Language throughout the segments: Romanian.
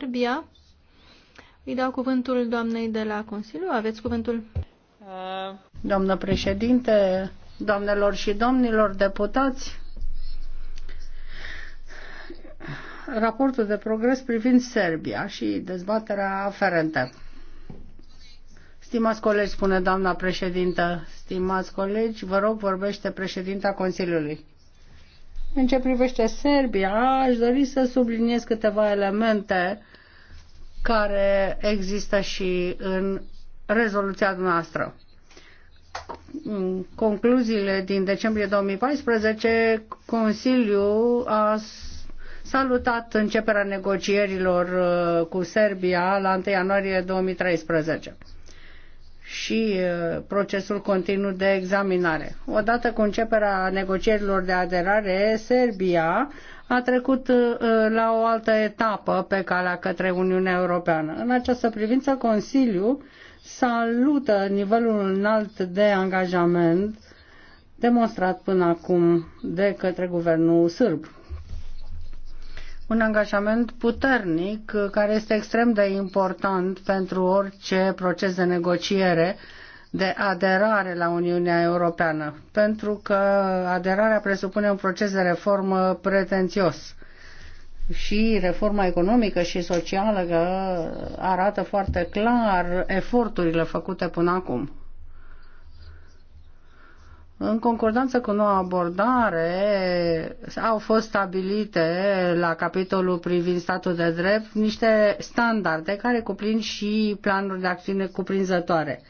Serbia. Îi dau cuvântul doamnei de la Consiliu. Aveți cuvântul. Doamnă președinte, doamnelor și domnilor deputați, raportul de progres privind Serbia și dezbaterea aferentă. Stimați colegi, spune doamna președintă, stimați colegi, vă rog, vorbește președinta Consiliului. În ce privește Serbia, aș dori să subliniez câteva elemente care există și în rezoluția noastră. Concluziile din decembrie 2014, Consiliul a salutat începerea negocierilor uh, cu Serbia la 1 ianuarie 2013 și uh, procesul continuu de examinare. Odată cu începerea negocierilor de aderare, Serbia a trecut uh, la o altă etapă pe calea către Uniunea Europeană. În această privință, Consiliul salută nivelul înalt de angajament demonstrat până acum de către guvernul sârb. Un angajament puternic uh, care este extrem de important pentru orice proces de negociere de aderare la Uniunea Europeană, pentru că aderarea presupune un proces de reformă pretențios. Și reforma economică și socială uh, arată foarte clar eforturile făcute până acum. În concordanță cu noua abordare, au fost stabilite la capitolul privind statul de drept niște standarde care cuprind și planuri de acțiune cuprinzătoare.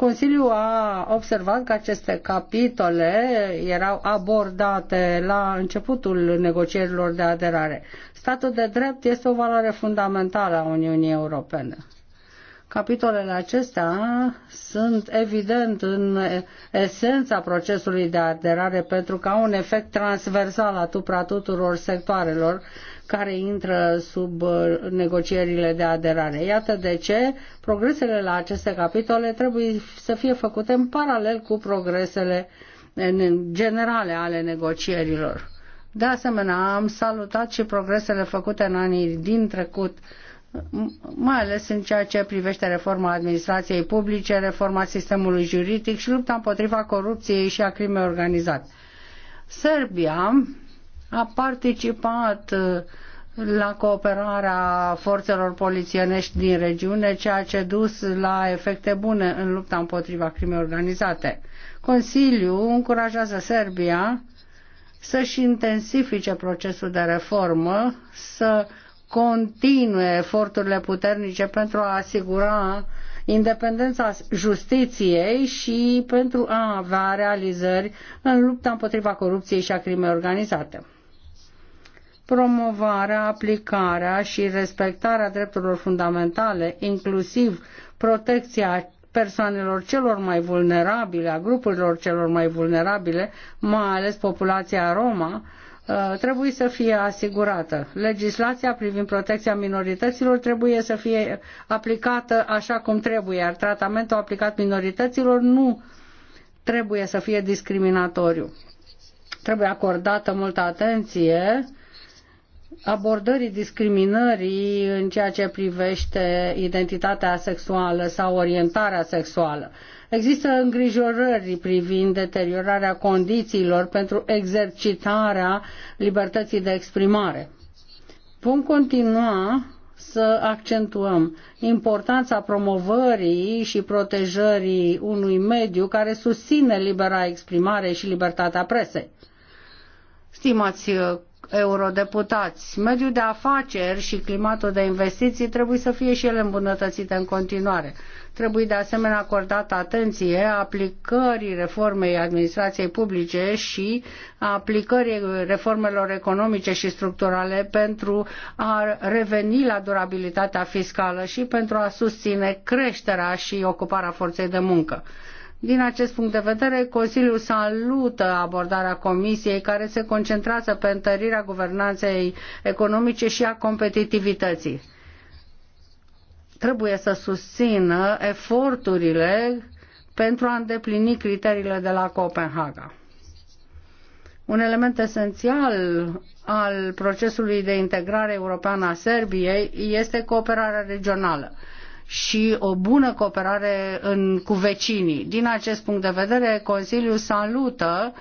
Consiliul a observat că aceste capitole erau abordate la începutul negocierilor de aderare. Statul de drept este o valoare fundamentală a Uniunii Europene. Capitolele acestea sunt evident în esența procesului de aderare pentru că au un efect transversal asupra tuturor sectoarelor care intră sub uh, negocierile de aderare. Iată de ce progresele la aceste capitole trebuie să fie făcute în paralel cu progresele generale ale negocierilor. De asemenea, am salutat și progresele făcute în anii din trecut, mai ales în ceea ce privește reforma administrației publice, reforma sistemului juridic și lupta împotriva corupției și a crimei organizate. Serbia a participat uh, la cooperarea forțelor polițienești din regiune, ceea ce dus la efecte bune în lupta împotriva crimei organizate. Consiliul încurajează Serbia să-și intensifice procesul de reformă, să continue eforturile puternice pentru a asigura independența justiției și pentru a avea realizări în lupta împotriva corupției și a crimei organizate promovarea, aplicarea și respectarea drepturilor fundamentale, inclusiv protecția persoanelor celor mai vulnerabile, a grupurilor celor mai vulnerabile, mai ales populația Roma, uh, trebuie să fie asigurată. Legislația privind protecția minorităților trebuie să fie aplicată așa cum trebuie, iar tratamentul aplicat minorităților nu trebuie să fie discriminatoriu. Trebuie acordată multă atenție abordării discriminării în ceea ce privește identitatea sexuală sau orientarea sexuală. Există îngrijorări privind deteriorarea condițiilor pentru exercitarea libertății de exprimare. Vom continua să accentuăm importanța promovării și protejării unui mediu care susține libera exprimare și libertatea presei. Stimați eurodeputați. Mediul de afaceri și climatul de investiții trebuie să fie și ele îmbunătățite în continuare. Trebuie de asemenea acordată atenție aplicării reformei administrației publice și aplicării reformelor economice și structurale pentru a reveni la durabilitatea fiscală și pentru a susține creșterea și ocuparea forței de muncă. Din acest punct de vedere, Consiliul salută abordarea Comisiei care se concentrează pe întărirea guvernanței economice și a competitivității. Trebuie să susțină eforturile pentru a îndeplini criteriile de la Copenhaga. Un element esențial al procesului de integrare europeană a Serbiei este cooperarea regională și o bună cooperare în, cu vecinii. Din acest punct de vedere, Consiliul salută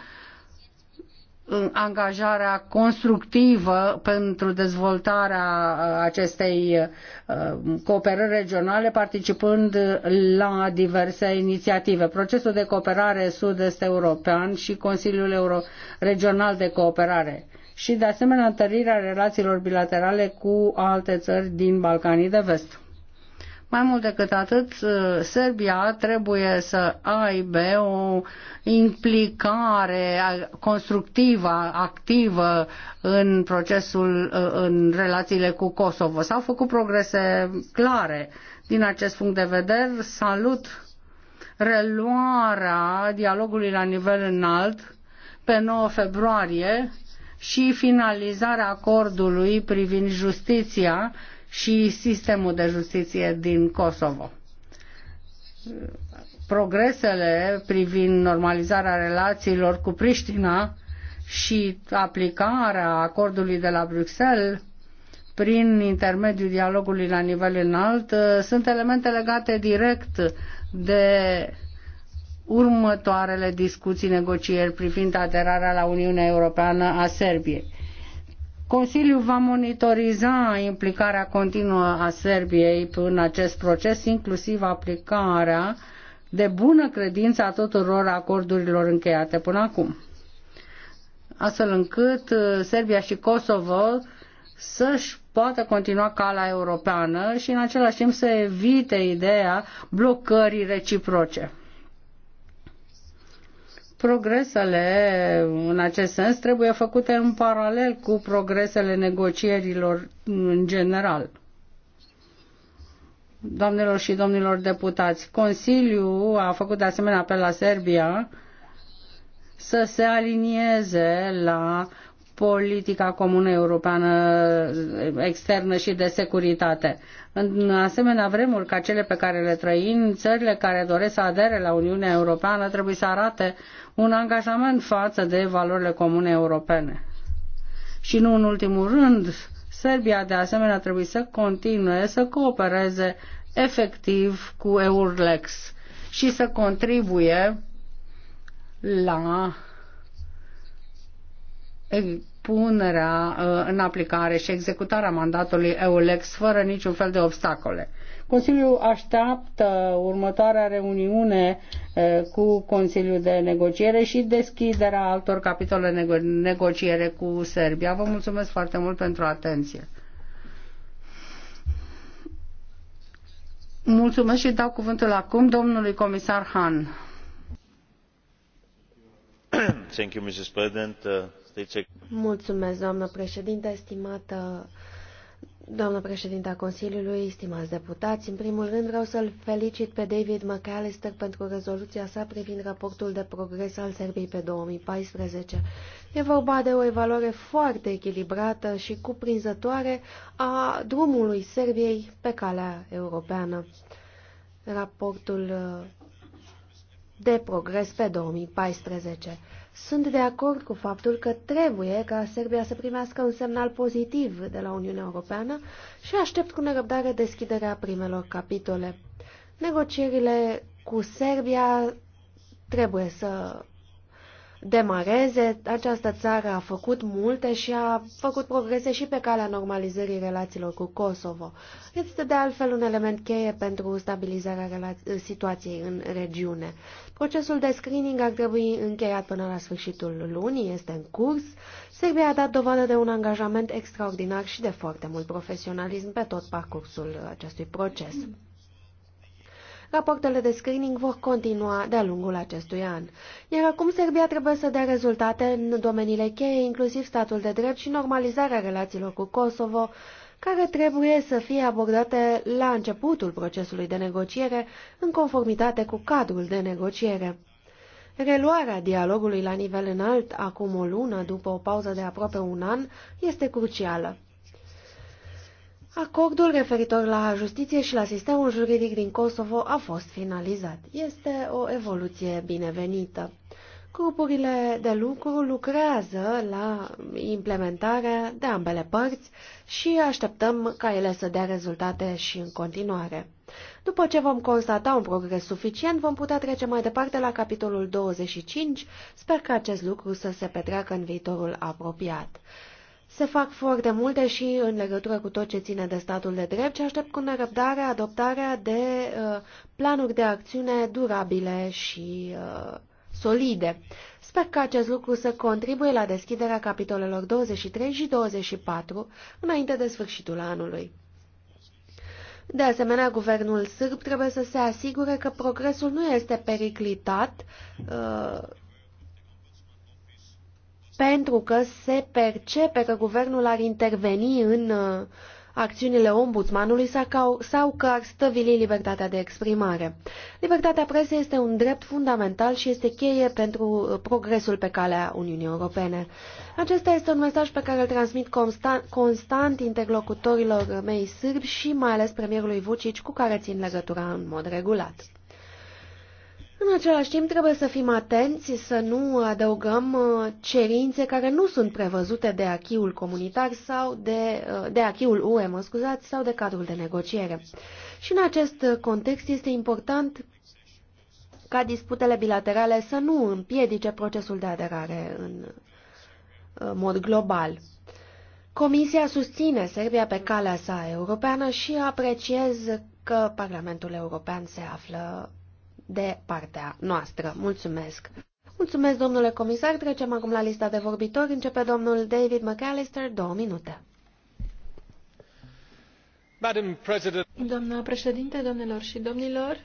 uh, angajarea constructivă pentru dezvoltarea uh, acestei uh, cooperări regionale, participând la diverse inițiative. Procesul de cooperare sud-est european și Consiliul Euro Regional de Cooperare și, de asemenea, întărirea relațiilor bilaterale cu alte țări din Balcanii de Vest. Mai mult decât atât, Serbia trebuie să aibă o implicare constructivă, activă în procesul, în relațiile cu Kosovo. S-au făcut progrese clare din acest punct de vedere. Salut reluarea dialogului la nivel înalt pe 9 februarie și finalizarea acordului privind justiția și sistemul de justiție din Kosovo. Progresele privind normalizarea relațiilor cu Priștina și aplicarea acordului de la Bruxelles prin intermediul dialogului la nivel înalt uh, sunt elemente legate direct de următoarele discuții, negocieri privind aderarea la Uniunea Europeană a Serbiei. Consiliul va monitoriza implicarea continuă a Serbiei în acest proces, inclusiv aplicarea de bună credință a tuturor acordurilor încheiate până acum. Astfel încât uh, Serbia și Kosovo să-și poată continua calea europeană și în același timp să evite ideea blocării reciproce. Progresele în acest sens trebuie făcute în paralel cu progresele negocierilor în general. Doamnelor și domnilor deputați, Consiliul a făcut de asemenea apel la Serbia să se alinieze la politica comună europeană externă și de securitate. În asemenea vremuri ca cele pe care le trăim, țările care doresc să adere la Uniunea Europeană trebuie să arate un angajament față de valorile comune europene. Și nu în ultimul rând, Serbia de asemenea trebuie să continue să coopereze efectiv cu EURLEX și să contribuie la punerea uh, în aplicare și executarea mandatului EULEX fără niciun fel de obstacole. Consiliul așteaptă următoarea reuniune uh, cu Consiliul de Negociere și deschiderea altor capitole nego negociere cu Serbia. Vă mulțumesc foarte mult pentru atenție. Mulțumesc și dau cuvântul acum domnului comisar Han. Thank you, Mrs. President. Uh, relatrice. Mulțumesc, doamnă președinte, stimată Doamnă președinte a Consiliului, stimați deputați, în primul rând vreau să-l felicit pe David McAllister pentru rezoluția sa privind raportul de progres al Serbiei pe 2014. E vorba de o evaluare foarte echilibrată și cuprinzătoare a drumului Serbiei pe calea europeană. Raportul de progres pe 2014. Sunt de acord cu faptul că trebuie ca Serbia să primească un semnal pozitiv de la Uniunea Europeană și aștept cu nerăbdare deschiderea primelor capitole. Negocierile cu Serbia trebuie să demareze. Această țară a făcut multe și a făcut progrese și pe calea normalizării relațiilor cu Kosovo. Este de altfel un element cheie pentru stabilizarea situației în regiune. Procesul de screening ar trebui încheiat până la sfârșitul lunii, este în curs. Serbia a dat dovadă de un angajament extraordinar și de foarte mult profesionalism pe tot parcursul acestui proces. Mm. Rapoartele de screening vor continua de-a lungul acestui an. Iar acum Serbia trebuie să dea rezultate în domeniile cheie, inclusiv statul de drept și normalizarea relațiilor cu Kosovo, care trebuie să fie abordate la începutul procesului de negociere, în conformitate cu cadrul de negociere. Reluarea dialogului la nivel înalt, acum o lună, după o pauză de aproape un an, este crucială. Acordul referitor la justiție și la sistemul juridic din Kosovo a fost finalizat. Este o evoluție binevenită. Grupurile de lucru lucrează la implementarea de ambele părți și așteptăm ca ele să dea rezultate și în continuare. După ce vom constata un progres suficient, vom putea trece mai departe la capitolul 25. Sper că acest lucru să se petreacă în viitorul apropiat. Se fac foarte multe și în legătură cu tot ce ține de statul de drept și aștept cu nerăbdare adoptarea de uh, planuri de acțiune durabile și uh, solide. Sper că acest lucru să contribuie la deschiderea capitolelor 23 și 24 înainte de sfârșitul anului. De asemenea, guvernul sârb trebuie să se asigure că progresul nu este periclitat uh, pentru că se percepe că guvernul ar interveni în uh, acțiunile ombudsmanului sau că ar stăvili libertatea de exprimare. Libertatea presei este un drept fundamental și este cheie pentru uh, progresul pe calea Uniunii Europene. Acesta este un mesaj pe care îl transmit constant, constant interlocutorilor mei sârbi și mai ales premierului Vucic cu care țin legătura în mod regulat. În același timp, trebuie să fim atenți să nu adăugăm uh, cerințe care nu sunt prevăzute de achiul comunitar sau de, uh, de achiul UE, mă scuzați, sau de cadrul de negociere. Și în acest context este important ca disputele bilaterale să nu împiedice procesul de aderare în uh, mod global. Comisia susține Serbia pe calea sa europeană și apreciez că Parlamentul European se află de partea noastră. Mulțumesc! Mulțumesc, domnule comisar. Trecem acum la lista de vorbitori. Începe domnul David McAllister, două minute. Doamnă președinte, domnilor și domnilor,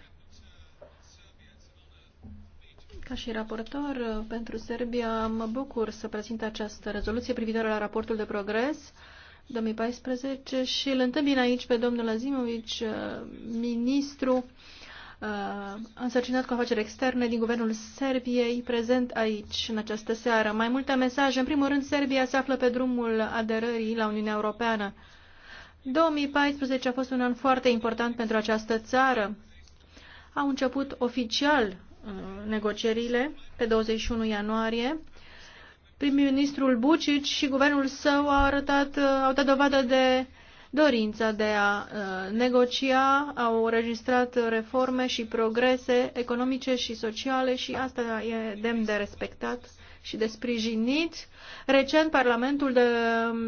ca și raportor pentru Serbia, mă bucur să prezint această rezoluție privitoare la raportul de progres 2014 și îl întâmpin aici pe domnul Azimovic, ministru Uh, însărcinat cu afaceri externe din guvernul Serbiei, prezent aici în această seară. Mai multe mesaje. În primul rând, Serbia se află pe drumul aderării la Uniunea Europeană. 2014 a fost un an foarte important pentru această țară. Au început oficial uh, negocierile pe 21 ianuarie. Prim-ministrul Bucic și guvernul său au arătat, uh, au dat dovadă de dorința de a uh, negocia, au registrat reforme și progrese economice și sociale și asta e demn de respectat și de sprijinit. Recent, Parlamentul de um,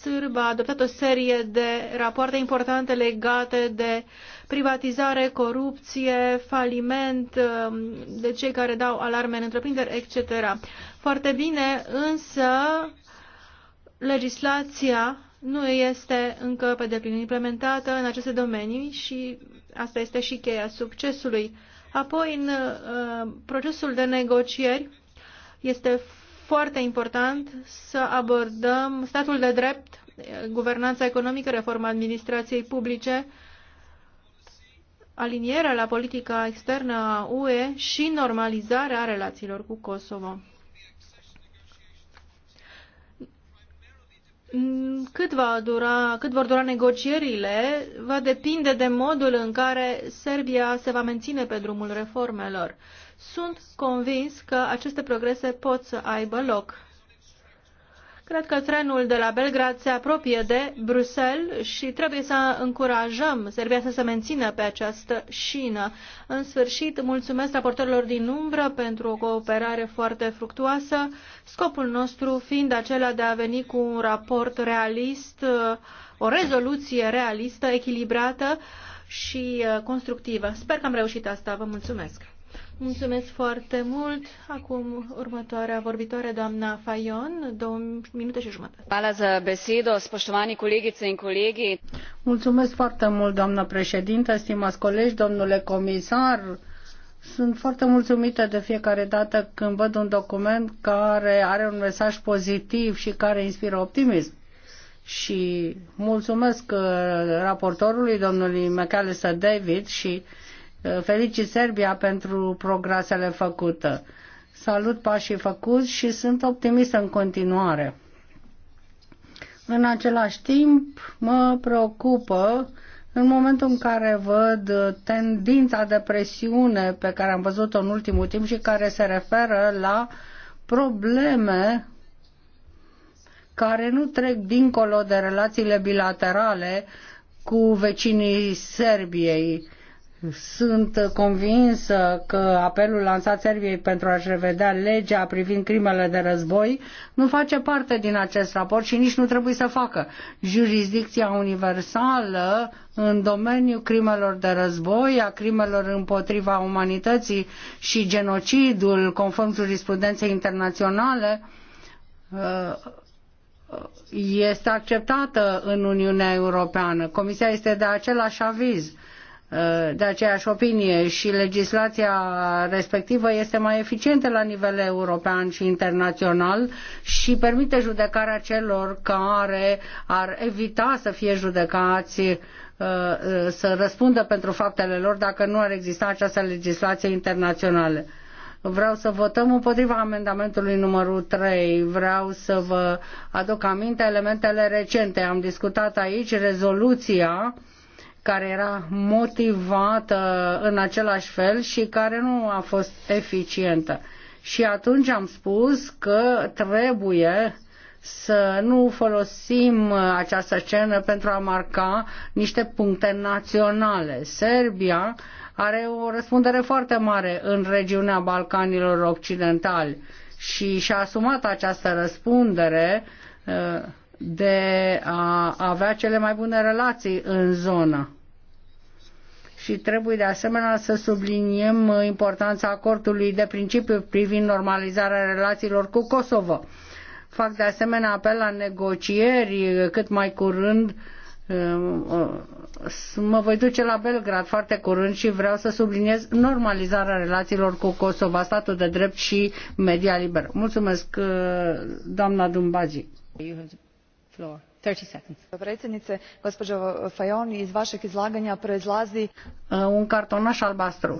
Sârb a adoptat o serie de rapoarte importante legate de privatizare, corupție, faliment, um, de cei care dau alarme în întreprinderi, etc. Foarte bine, însă legislația nu este încă pe deplin implementată în aceste domenii și asta este și cheia succesului. Apoi, în uh, procesul de negocieri, este foarte important să abordăm statul de drept, guvernanța economică, reforma administrației publice, alinierea la politica externă a UE și normalizarea relațiilor cu Kosovo. Mm, cât, va dura, cât vor dura negocierile va depinde de modul în care Serbia se va menține pe drumul reformelor. Sunt convins că aceste progrese pot să aibă loc. Cred că trenul de la Belgrad se apropie de Bruxelles și trebuie să încurajăm Serbia să se mențină pe această șină. În sfârșit, mulțumesc raportorilor din umbră pentru o cooperare foarte fructuoasă, scopul nostru fiind acela de a veni cu un raport realist, o rezoluție realistă, echilibrată și uh, constructivă. Sper că am reușit asta. Vă mulțumesc! Mulțumesc foarte mult. Acum următoarea vorbitoare, doamna Fayon, două minute și jumătate. Hvala za besedo, spoštovani kolegice in kolegi. Mulțumesc foarte mult, doamnă președintă, stimați colegi, domnule comisar. Sunt foarte mulțumită de fiecare dată când văd un document care are un mesaj pozitiv și care inspiră optimism și mulțumesc uh, raportorului, domnului McAllister David și Uh, felicit Serbia pentru progresele făcute. Salut pașii făcuți și sunt optimistă în continuare. În același timp, mă preocupă în momentul în care văd tendința de presiune pe care am văzut-o în ultimul timp și care se referă la probleme care nu trec dincolo de relațiile bilaterale cu vecinii Serbiei sunt convinsă că apelul lansat Serbiei pentru a-și revedea legea privind crimele de război nu face parte din acest raport și nici nu trebuie să facă. Jurisdicția universală în domeniul crimelor de război, a crimelor împotriva umanității și genocidul conform jurisprudenței internaționale este acceptată în Uniunea Europeană. Comisia este de același aviz Uh, de aceeași opinie și legislația respectivă este mai eficientă la nivel european și internațional și permite judecarea celor care ar evita să fie judecați uh, uh, să răspundă pentru faptele lor dacă nu ar exista această legislație internațională. Vreau să votăm împotriva amendamentului numărul 3. Vreau să vă aduc aminte elementele recente. Am discutat aici rezoluția uh, care era motivată în același fel și care nu a fost eficientă. Și atunci am spus că trebuie să nu folosim această scenă pentru a marca niște puncte naționale. Serbia are o răspundere foarte mare în regiunea Balcanilor Occidentali și și-a asumat această răspundere uh, de a avea cele mai bune relații în zonă. Și trebuie de asemenea să subliniem importanța acordului de principiu privind normalizarea relațiilor cu Kosovo. Fac de asemenea apel la negocieri cât mai curând ehm, mă voi duce la Belgrad foarte curând și vreau să subliniez normalizarea relațiilor cu Kosovo, statul de drept și media liberă. Mulțumesc, ehm, doamna Dumbazi gospođo predsjednice gospođo fajon iz vašeg izlaganja proizlazi uh, un cartonaș albastru.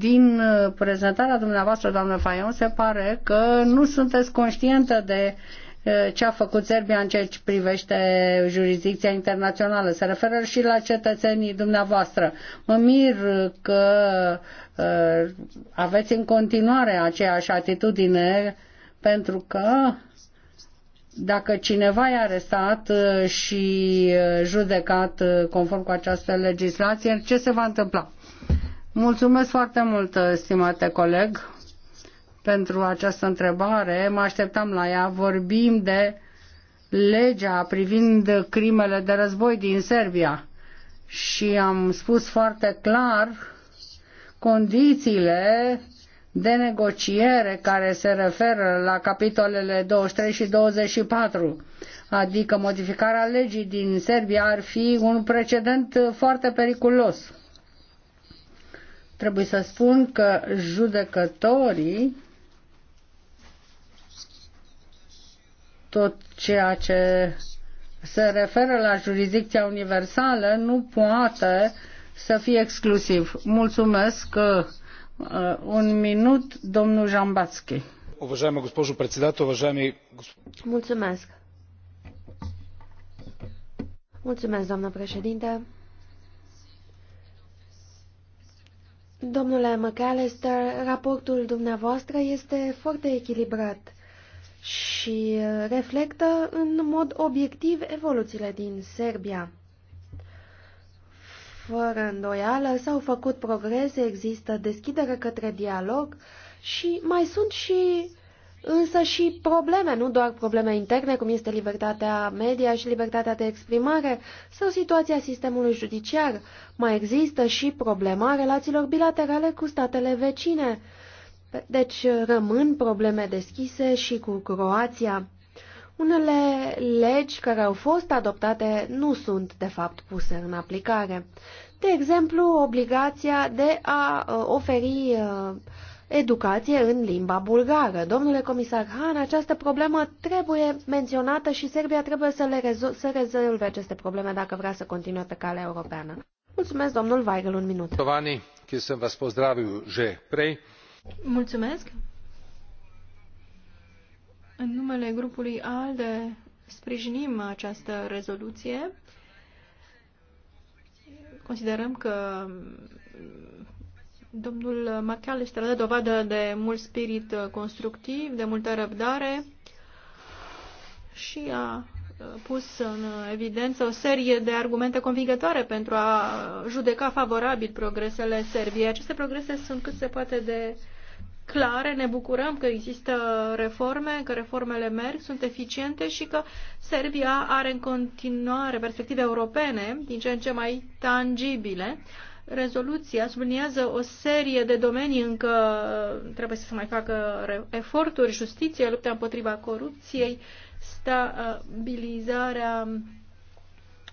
Din uh, prezentarea dumneavoastră, doamnă Fajon, se pare că nu sunteți conștientă de uh, ce a făcut Serbia în ceea ce privește jurisdicția internațională. Se referă și la cetățenii dumneavoastră. Mă mir că aveți în continuare aceeași atitudine pentru că dacă cineva e arestat uh, și uh, judecat uh, conform cu această legislație, ce se va întâmpla? Mulțumesc foarte mult, stimate coleg, pentru această întrebare. Mă așteptam la ea. Vorbim de legea privind crimele de război din Serbia și am spus foarte clar condițiile de negociere care se referă la capitolele 23 și 24, adică modificarea legii din Serbia ar fi un precedent foarte periculos. Trebuie să spun că judecătorii tot ceea ce se referă la jurisdicția universală nu poate să fie exclusiv. Mulțumesc că uh, Uh, un minut, domnul Jambatski. Уважаема госпожо председател, уважаеми Mulțumesc. Mulțumesc, doamnă președinte. Domnule McAllister, raportul dumneavoastră este foarte echilibrat și reflectă în mod obiectiv evoluțiile din Serbia fără îndoială, s-au făcut progrese, există deschidere către dialog și mai sunt și însă și probleme, nu doar probleme interne, cum este libertatea media și libertatea de exprimare sau situația sistemului judiciar. Mai există și problema relațiilor bilaterale cu statele vecine. Deci rămân probleme deschise și cu Croația. Unele legi care au fost adoptate nu sunt, de fapt, puse în aplicare. De exemplu, obligația de a uh, oferi uh, educație în limba bulgară. Domnule comisar Han, această problemă trebuie menționată și Serbia trebuie să, le rezol să rezolve aceste probleme dacă vrea să continue pe calea europeană. Mulțumesc, domnul Weigel, un minut. Mulțumesc. În numele grupului ALDE sprijinim această rezoluție. Considerăm că domnul este dă dovadă de mult spirit constructiv, de multă răbdare și a pus în evidență o serie de argumente convingătoare pentru a judeca favorabil progresele Serbiei. Aceste progrese sunt cât se poate de uh, clare, ne bucurăm că există reforme, că reformele merg, sunt eficiente și că Serbia are în continuare perspective europene din ce în ce mai tangibile. Rezoluția subliniază o serie de domenii încă trebuie să se mai facă eforturi, justiție, lupta împotriva corupției, stabilizarea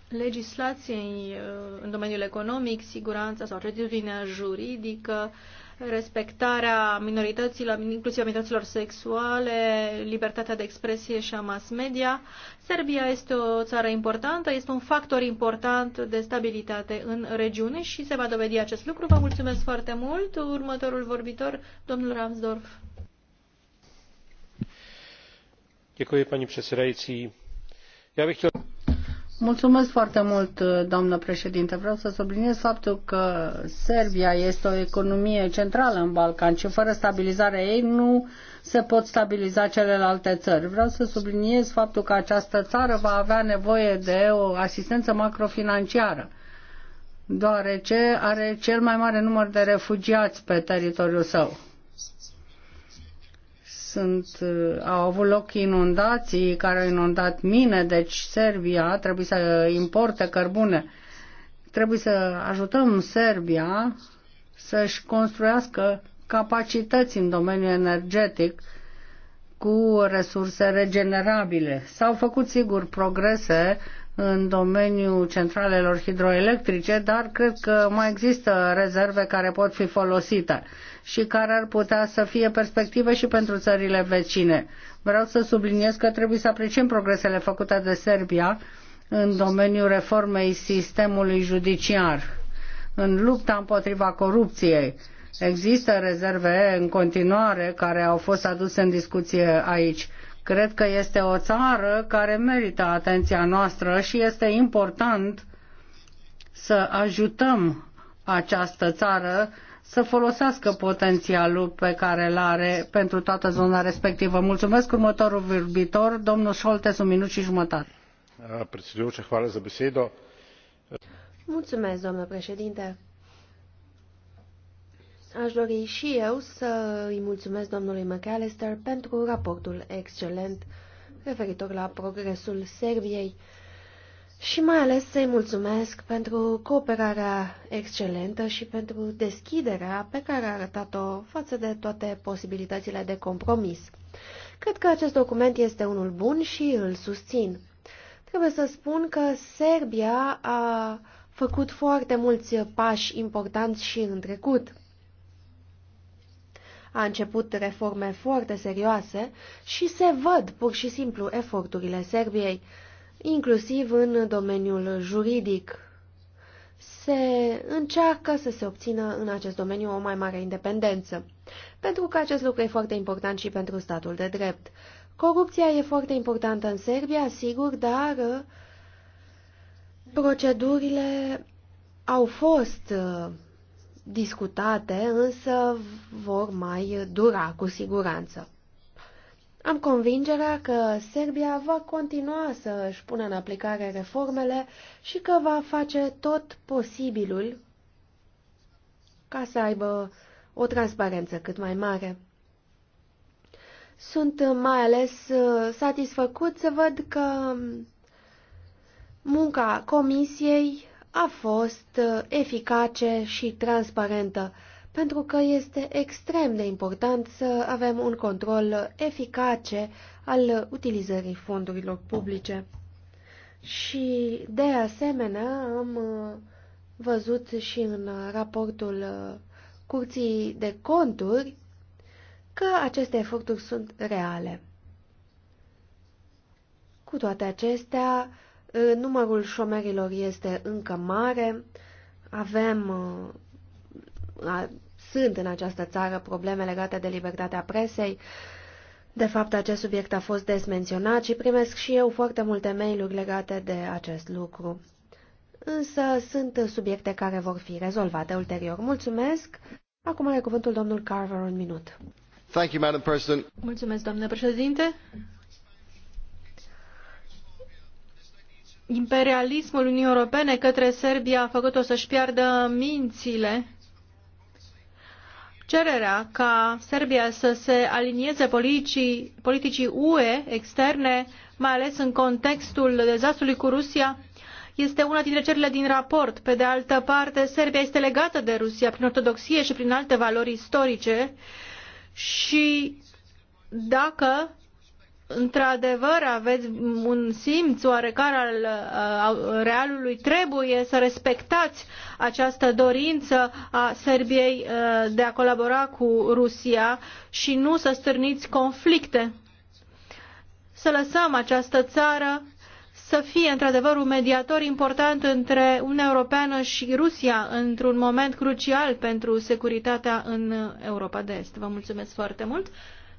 legislației uh, în domeniul economic, siguranța sau certitudinea juridică, uh, respectarea minorităților, inclusiv a minorităților sexuale, libertatea de expresie și a mass media. Serbia este o țară importantă, este un factor important de stabilitate în regiune și se va dovedi acest lucru. Vă mulțumesc foarte mult. Următorul vorbitor, domnul Ramsdorf. Dziękuję paní předsedající. Ja bym chciał... Mulțumesc foarte mult, doamnă președinte. Vreau să subliniez faptul că Serbia este o economie centrală în Balcan și fără stabilizarea ei nu se pot stabiliza celelalte țări. Vreau să subliniez faptul că această țară va avea nevoie de o asistență macrofinanciară, deoarece are cel mai mare număr de refugiați pe teritoriul său sunt, uh, au avut loc inundații care au inundat mine, deci Serbia trebuie să importe cărbune. Trebuie să ajutăm Serbia să-și construiască capacități în domeniul energetic cu resurse regenerabile. S-au făcut sigur progrese în domeniul centralelor hidroelectrice, dar cred că mai există rezerve care pot fi folosite și care ar putea să fie perspective și pentru țările vecine. Vreau să subliniez că trebuie să apreciem progresele făcute de Serbia în domeniul reformei sistemului judiciar, în lupta împotriva corupției. Există rezerve în continuare care au fost aduse în discuție aici Cred că este o țară care merită atenția noastră și este important să ajutăm această țară să folosească potențialul pe care îl are pentru toată zona respectivă. Mulțumesc următorul vorbitor, domnul Șoltes, un minut și jumătate. Mulțumesc, domnule președinte. Aș dori și eu să îi mulțumesc domnului McAllister pentru raportul excelent referitor la progresul Serbiei și mai ales să-i mulțumesc pentru cooperarea excelentă și pentru deschiderea pe care a arătat-o față de toate posibilitățile de compromis. Cred că acest document este unul bun și îl susțin. Trebuie să spun că Serbia a făcut foarte mulți pași importanți și în trecut a început reforme foarte serioase și se văd pur și simplu eforturile Serbiei, inclusiv în domeniul juridic. Se încearcă să se obțină în acest domeniu o mai mare independență, pentru că acest lucru e foarte important și pentru statul de drept. Corupția e foarte importantă în Serbia, sigur, dar uh, procedurile au fost uh, discutate, însă vor mai dura cu siguranță. Am convingerea că Serbia va continua să își pună în aplicare reformele și că va face tot posibilul ca să aibă o transparență cât mai mare. Sunt mai ales uh, satisfăcut să văd că munca comisiei a fost uh, eficace și transparentă, pentru că este extrem de important să avem un control eficace al utilizării fondurilor publice. Și, de asemenea, am uh, văzut și în raportul uh, Curții de Conturi că aceste eforturi sunt reale. Cu toate acestea, Ă, numărul șomerilor este încă mare, avem, ă, sunt în această țară probleme legate de libertatea presei, de fapt, acest subiect a fost desmenționat și primesc și eu foarte multe mail-uri legate de acest lucru. Însă sunt subiecte care vor fi rezolvate ulterior. Mulțumesc! Acum are cuvântul domnul Carver un minut. Thank you, Madam President. Mulțumesc, doamnă președinte. imperialismul Uniunii Europene către Serbia a făcut-o să-și piardă mințile. Cererea ca Serbia să se alinieze politicii, politicii UE externe, mai ales în contextul dezastrului cu Rusia, este una dintre cererile din raport. Pe de altă parte, Serbia este legată de Rusia prin ortodoxie și prin alte valori istorice și dacă într-adevăr aveți un simț oarecare al, uh, realului, trebuie să respectați această dorință a Serbiei uh, de a colabora cu Rusia și nu să stârniți conflicte. Să lăsăm această țară să fie într-adevăr un mediator important între Uniunea Europeană și Rusia într-un moment crucial pentru securitatea în Europa de Est. Vă mulțumesc foarte mult.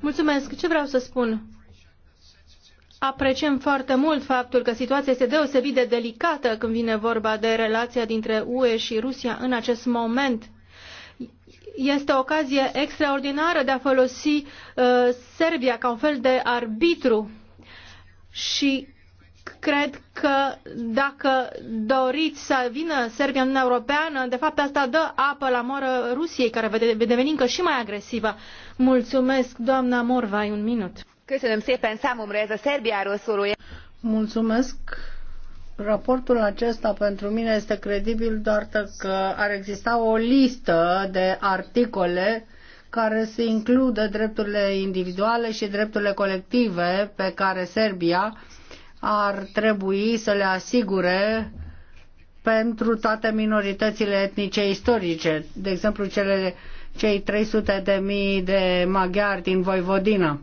Mulțumesc. Ce vreau să spun? Apreciem foarte mult faptul că situația este deosebit de delicată când vine vorba de relația dintre UE și Rusia în acest moment. Este o ocazie extraordinară de a folosi uh, Serbia ca un fel de arbitru și cred că dacă doriți să vină Serbia în Uniunea Europeană, de fapt asta dă apă la moră Rusiei, care va deveni încă și mai agresivă. Mulțumesc, doamna Morvai, un minut. Mulțumesc. Raportul acesta pentru mine este credibil doar că ar exista o listă de articole care să includă drepturile individuale și drepturile colective pe care Serbia ar trebui să le asigure pentru toate minoritățile etnice istorice, de exemplu cele, cei 300 de mii de maghiari din Voivodina.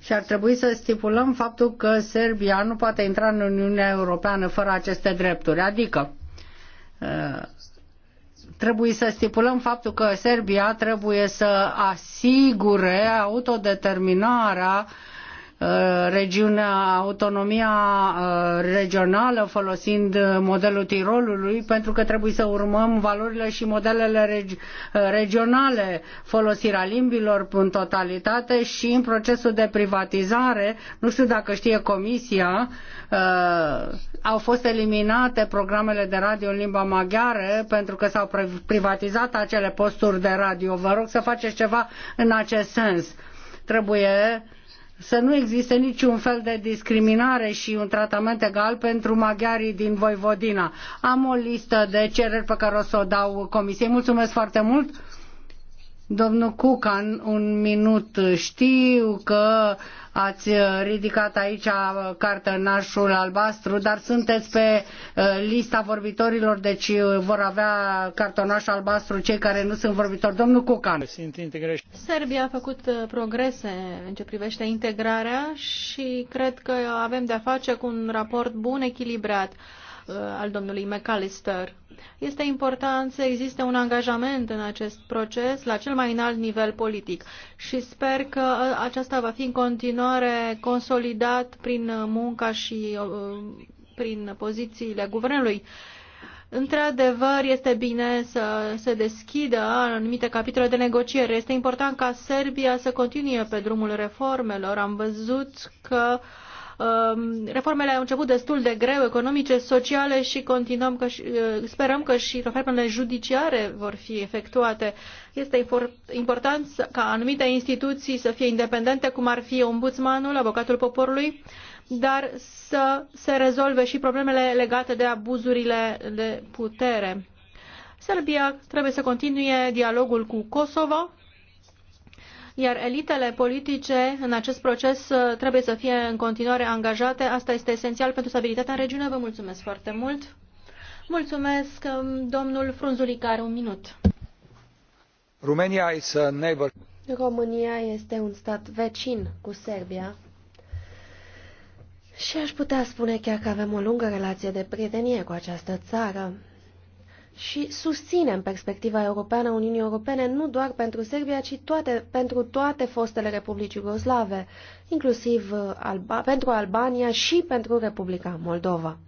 Și ar trebui să stipulăm faptul că Serbia nu poate intra în Uniunea Europeană fără aceste drepturi, adică ă, trebuie să stipulăm faptul că Serbia trebuie să asigure autodeterminarea uh, Uh, regiunea, autonomia uh, regională folosind modelul Tirolului pentru că trebuie să urmăm valorile și modelele uh, regionale, folosirea limbilor în totalitate și în procesul de privatizare, nu știu dacă știe Comisia, au fost eliminate programele de radio în limba maghiară pentru că s-au privatizat acele posturi de radio. Vă rog să faceți ceva în acest sens. Trebuie să nu existe niciun fel de discriminare și un tratament egal pentru maghiarii din Voivodina. Am o listă de cereri pe care o să o dau Comisiei. Mulțumesc foarte mult! Domnul în un minut. Știu că ați ridicat aici cartănașul albastru, dar sunteți pe uh, lista vorbitorilor, deci uh, vor avea cartonaș albastru cei care nu sunt vorbitori. Domnul Cucan. Serbia a făcut uh, progrese în ce privește integrarea și cred că avem de-a face cu un raport bun, echilibrat. Uh, al domnului McAllister. Este important să existe un angajament în acest proces la cel mai înalt nivel politic și sper că uh, aceasta va fi în continuare consolidat prin uh, munca și prin pozițiile guvernului. Într-adevăr, este bine să se deschidă anumite capitole de negociere. Este important ca Serbia să continue pe drumul reformelor. Am văzut că uh, Um, reformele au început destul de greu, economice, sociale și continuăm că și, uh, sperăm că și reformele judiciare vor fi efectuate. Este important ca anumite instituții să fie independente, cum ar fi ombudsmanul, avocatul poporului, dar să se rezolve și problemele legate de abuzurile de putere. Serbia trebuie să continue dialogul cu Kosovo iar elitele politice în acest proces uh, trebuie să fie în continuare angajate. Asta este esențial pentru stabilitatea în regiune. Vă mulțumesc foarte mult. Mulțumesc, um, domnul Frunzulicar, un minut. România este un stat vecin cu Serbia și aș putea spune chiar că avem o lungă relație de prietenie cu această țară și susținem perspectiva europeană a Uniunii Europene nu doar pentru Serbia, ci toate, pentru toate fostele republici iugoslave, inclusiv uh, Alba, pentru Albania și pentru Republica Moldova.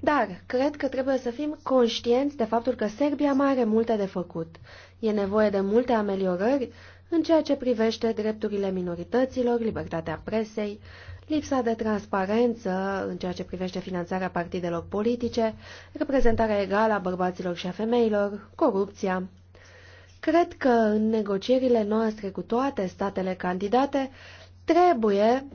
Dar cred că trebuie să fim conștienți de faptul că Serbia mai are multe de făcut. E nevoie de multe ameliorări în ceea ce privește drepturile minorităților, libertatea presei, lipsa de transparență în ceea ce privește finanțarea partidelor politice, reprezentarea egală a bărbaților și a femeilor, corupția. Cred că în negocierile noastre cu toate statele candidate trebuie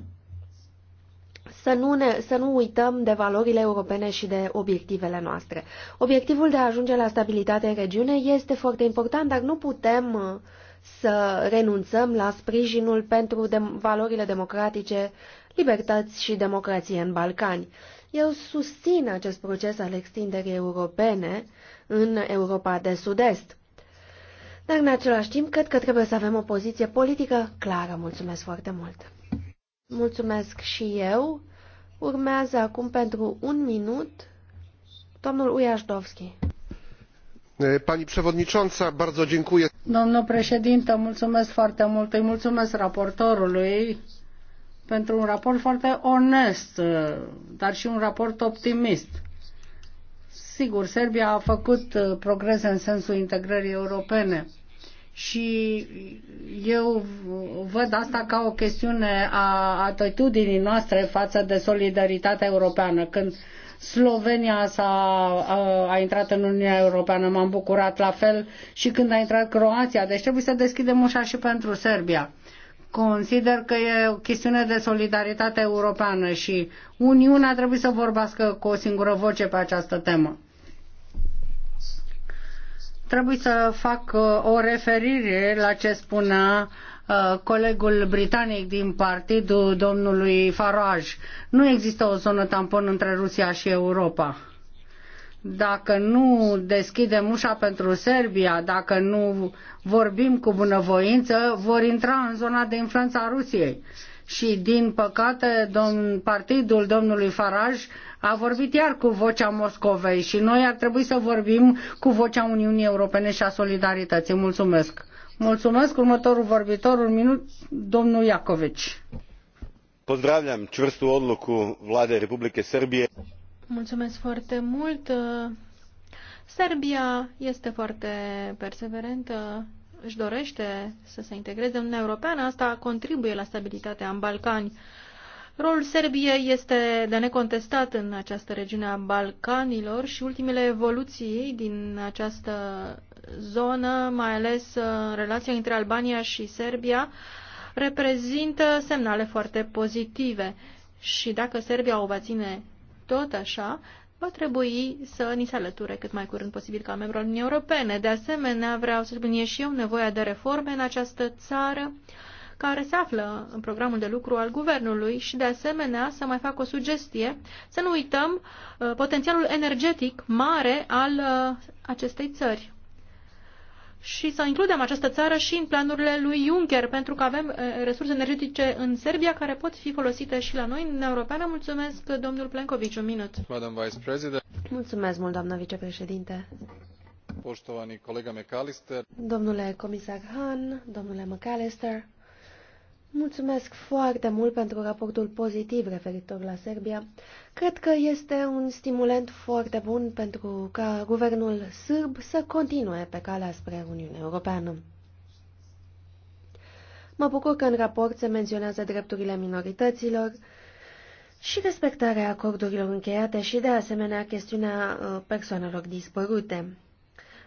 să nu, ne, să nu uităm de valorile europene și de obiectivele noastre. Obiectivul de a ajunge la stabilitate în regiune este foarte important, dar nu putem uh, să renunțăm la sprijinul pentru de valorile democratice, libertăți și democrație în Balcani. Eu susțin acest proces al extinderii europene în Europa de Sud-Est. Dar în același timp, cred că trebuie să avem o poziție politică clară. Mulțumesc foarte mult! Mulțumesc și eu. Urmează acum pentru un minut domnul Ujașdovski. Pani przewodnicząca, bardzo dziękuję. Domnul președinte, mulțumesc foarte mult. Îi mulțumesc raportorului pentru un raport foarte onest, uh, dar și un raport optimist. Sigur, Serbia a făcut uh, progrese în sensul integrării europene și eu văd asta ca o chestiune a atitudinii noastre față de solidaritatea europeană. Când Slovenia s-a, a, a intrat în Uniunea Europeană, m-am bucurat la fel și când a intrat Croația. Deci trebuie să deschidem ușa și pentru Serbia. Consider că e o chestiune de solidaritate europeană și Uniunea trebuie să vorbească cu o singură voce pe această temă. Trebuie să fac uh, o referire la ce spunea uh, colegul britanic din partidul domnului Farage. Nu există o zonă tampon între Rusia și Europa dacă nu deschidem ușa pentru Serbia, dacă nu vorbim cu bunăvoință, vor intra în zona de influență a Rusiei. Și, din păcate, domn, partidul domnului Faraj a vorbit iar cu vocea Moscovei și noi ar trebui să vorbim cu vocea Uniunii Europene și a solidarității. Mulțumesc! Mulțumesc! Următorul vorbitor, un minut, domnul Iacoveci. Pozdravljam čvrstu odluku vlade Republike Srbije Mulțumesc foarte mult. Serbia este foarte perseverentă, își dorește să se integreze în Uniunea Europeană, asta contribuie la stabilitatea în Balcani. Rolul Serbiei este de necontestat în această regiune a Balcanilor și ultimele evoluții din această zonă, mai ales uh, relația între Albania și Serbia, reprezintă semnale foarte pozitive. Și dacă Serbia o va ține tot așa, va trebui să ni se alăture cât mai curând posibil ca membru al Uniunii Europene. De asemenea, vreau să spun și eu nevoia de reforme în această țară care se află în programul de lucru al guvernului și, de asemenea, să mai fac o sugestie, să nu uităm uh, potențialul energetic mare al uh, acestei țări și să includem această țară și în planurile lui Juncker, pentru că avem eh, resurse energetice în Serbia care pot fi folosite și la noi în Europeană. Mulțumesc, domnul Plenković un minut. Mulțumesc mult, doamna vicepreședinte. Poștovani colega McAllister. Domnule comisar Han, domnule McAllister, Mulțumesc foarte mult pentru raportul pozitiv referitor la Serbia. Cred că este un stimulant foarte bun pentru ca guvernul sârb să continue pe calea spre Uniunea Europeană. Mă bucur că în raport se menționează drepturile minorităților și respectarea acordurilor încheiate și, de asemenea, chestiunea uh, persoanelor dispărute.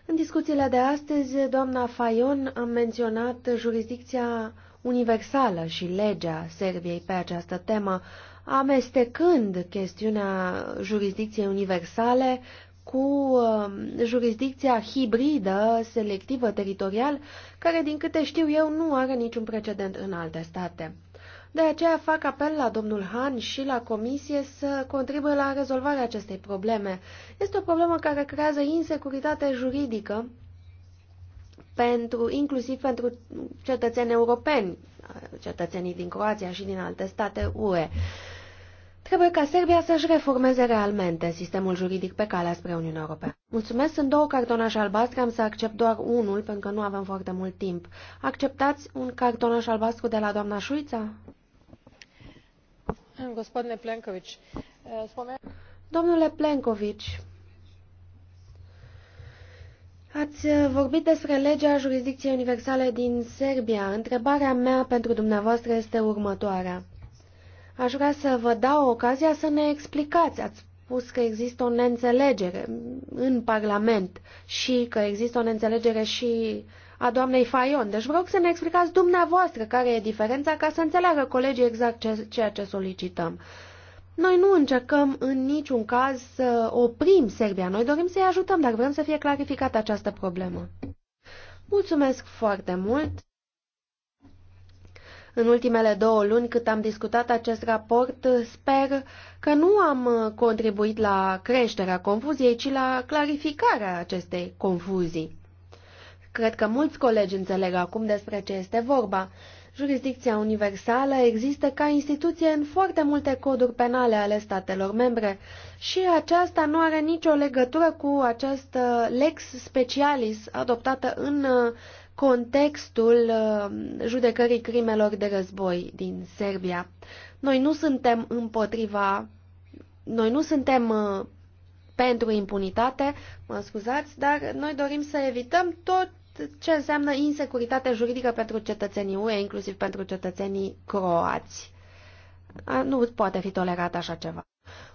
În discuțiile de astăzi, doamna Fayon a menționat jurisdicția universală și legea Serbiei pe această temă, amestecând chestiunea jurisdicției universale cu um, jurisdicția hibridă, selectivă, teritorial, care, din câte știu eu, nu are niciun precedent în alte state. De aceea fac apel la domnul Han și la comisie să contribuie la rezolvarea acestei probleme. Este o problemă care creează insecuritate juridică pentru, inclusiv pentru cetățeni europeni, cetățenii din Croația și din alte state UE. Trebuie ca Serbia să-și reformeze realmente sistemul juridic pe calea spre Uniunea Europeană. Mulțumesc, sunt două cartonașe albastre, am să accept doar unul, pentru că nu avem foarte mult timp. Acceptați un cartonaș albastru de la doamna Șuița? Gospodine Plenković, Domnule Plenković, Ați uh, vorbit despre legea jurisdicției universale din Serbia. Întrebarea mea pentru dumneavoastră este următoarea. Aș vrea să vă dau ocazia să ne explicați. Ați spus că există o neînțelegere în Parlament și că există o neînțelegere și a doamnei Faion. Deci vă rog să ne explicați dumneavoastră care e diferența ca să înțeleagă colegii exact ce, ceea ce solicităm. Noi nu încercăm în niciun caz să oprim Serbia, noi dorim să-i ajutăm, dar vrem să fie clarificată această problemă. Mulțumesc foarte mult! În ultimele două luni cât am discutat acest raport, sper că nu am contribuit la creșterea confuziei, ci la clarificarea acestei confuzii. Cred că mulți colegi înțeleg acum despre ce este vorba. Jurisdicția universală există ca instituție în foarte multe coduri penale ale statelor membre și aceasta nu are nicio legătură cu această uh, lex specialis adoptată în uh, contextul uh, judecării crimelor de război din Serbia. Noi nu suntem împotriva, noi nu suntem pentru impunitate, mă scuzați, dar noi dorim să evităm tot ce înseamnă insecuritate juridică pentru cetățenii UE, inclusiv pentru cetățenii croați. Nu poate fi tolerat așa ceva.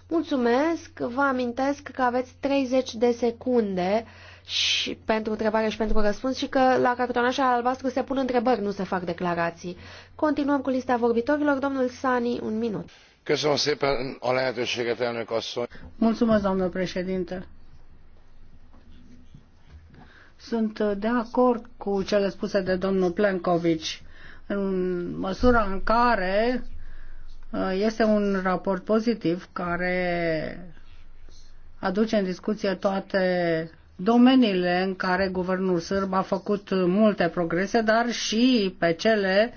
Mulțumesc, vă amintesc că aveți 30 de secunde și pentru întrebare și pentru răspuns și că la cartonașa albastru se pun întrebări, nu se fac declarații. Continuăm cu lista vorbitorilor. Domnul Sani, un minut. Mulțumesc, doamnă președinte sunt uh, de acord cu cele spuse de domnul Plenkovici. În măsura în care uh, este un raport pozitiv care aduce în discuție toate domeniile în care guvernul sârb a făcut multe progrese, dar și pe cele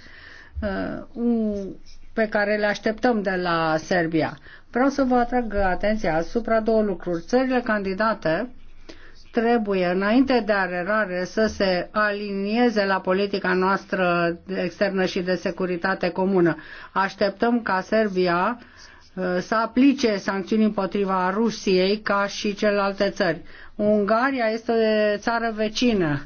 uh, pe care le așteptăm de la Serbia. Vreau să vă atrag atenția asupra două lucruri. Țările candidate trebuie, înainte de aderare, să se alinieze la politica noastră externă și de securitate comună. Așteptăm ca Serbia uh, să aplice sancțiuni împotriva Rusiei ca și celelalte țări. Ungaria este o țară vecină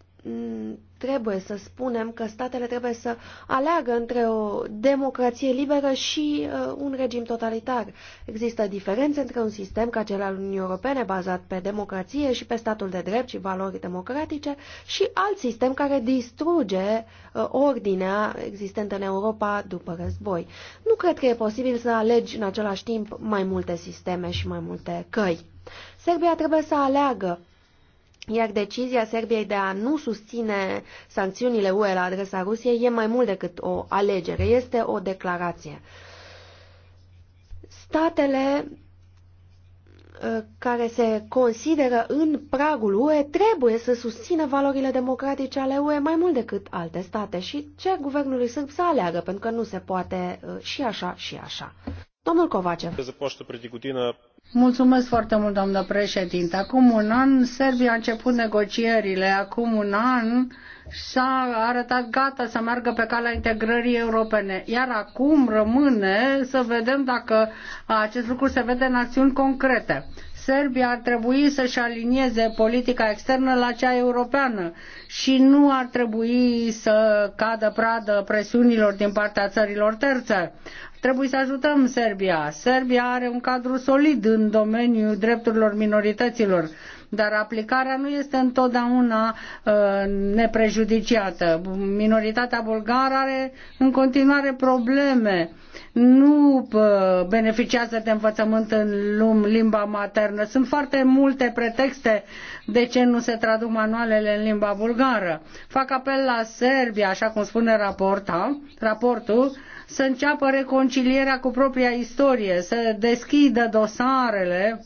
trebuie să spunem că statele trebuie să aleagă între o democrație liberă și uh, un regim totalitar. Există diferențe între un sistem ca cel al Uniunii Europene bazat pe democrație și pe statul de drept și valori democratice și alt sistem care distruge uh, ordinea existentă în Europa după război. Nu cred că e posibil să alegi în același timp mai multe sisteme și mai multe căi. Serbia trebuie să aleagă iar decizia Serbiei de a nu susține sancțiunile UE la adresa Rusiei e mai mult decât o alegere, este o declarație. Statele ă, care se consideră în pragul UE trebuie să susțină valorile democratice ale UE mai mult decât alte state și ce guvernului sârb să aleagă, pentru că nu se poate ă, și așa și așa. Domnul Kovacev. Mulțumesc foarte mult, doamnă președinte. Acum un an, Serbia a început negocierile. Acum un an, s-a arătat gata să meargă pe calea integrării europene. Iar acum rămâne să vedem dacă acest lucru se vede în acțiuni concrete. Serbia ar trebui să-și alinieze politica externă la cea europeană și nu ar trebui să cadă pradă presiunilor din partea țărilor terțe. Trebuie să ajutăm Serbia. Serbia are un cadru solid în domeniul drepturilor minorităților dar aplicarea nu este întotdeauna uh, neprejudiciată. Minoritatea bulgară are în continuare probleme. Nu uh, beneficiază de învățământ în limba maternă. Sunt foarte multe pretexte de ce nu se traduc manualele în limba bulgară. Fac apel la Serbia, așa cum spune raporta, raportul, să înceapă reconcilierea cu propria istorie, să deschidă dosarele